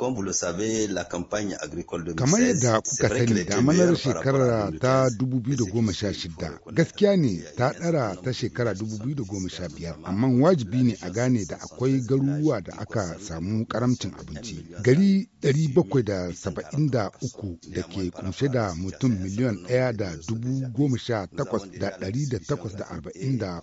Kamar yadda kuka sani damanar shekara ta 2016 gaskiya ne ta ɗara ta shekara 2015 amma wajibi ne a gane da akwai garuruwa da aka samu karamcin abinci. Gari 773 da ke kunshe da mutum miliyan 1,018,843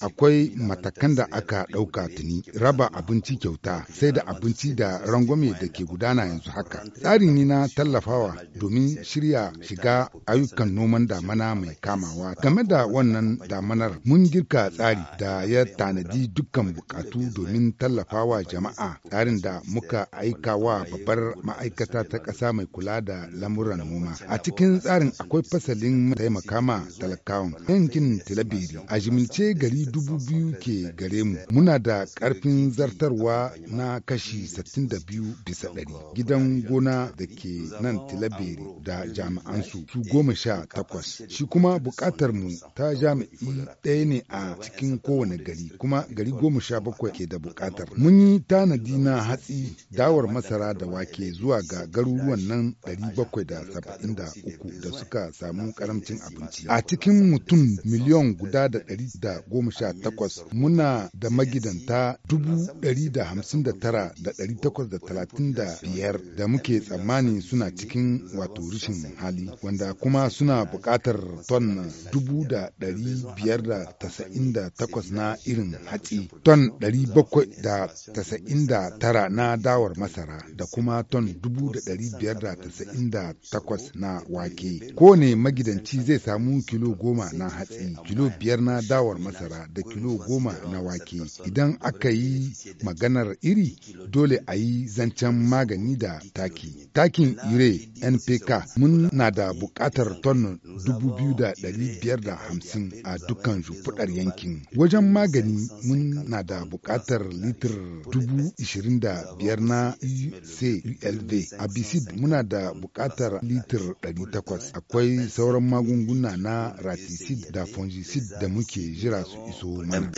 akwai matakan da aka ɗauka tuni raba abinci kyauta sai da abinci da rangwame da ke gudana yanzu haka. Tsari ne na tallafawa domin shirya shiga ayyukan noman damana mai kamawa. Game da wannan damanar mun girka tsari da ya tanadi dukkan bukatu domin tallafawa jama'a tsarin da muka aika wa babbar ma'aikata ta ƙasa mai kula da lamuran noma. A cikin tsarin akwai fasalin taimaka ma talakawan yankin Tilabiri a jimilce gari dubu biyu ke gare mu. Muna da ƙarfin zartarwa na kashi 62 bisa bisa gidan gona da ke nan tilabere da jami'an su goma sha takwas shi kuma buƙatar mu ta jami'i ɗaya ne a cikin kowane gari kuma gari goma sha bakwai ke da buƙatar mun yi tanadi na hatsi dawar masara da wake zuwa ga garuruwan nan ɗari bakwai da saba'in da uku da suka samu karamcin abinci a cikin mutum miliyon guda da ɗari da goma sha takwas muna da magidanta dubu ɗari da hamsin da tara da ɗari takwas da talatin 35 da muke tsammani suna cikin wato rishin hali wanda kuma suna buƙatar ton 598 na irin hatsi ton 799 na dawar masara da kuma ton 598 na wake kowane magidanci zai samu kilo goma na hatsi kilo biyar na dawar masara da kilo goma na wake idan aka yi maganar iri dole a yi zancen kayan magani da taki. Takin ire NPK mun na da buƙatar ton 2,550 a dukkan shimfiɗar yankin. Wajen magani mun na da buƙatar litir 25,000 na ECULV. A bisid muna da buƙatar litir 800. Akwai sauran magunguna na raticid da fungicid da muke jira su iso mana.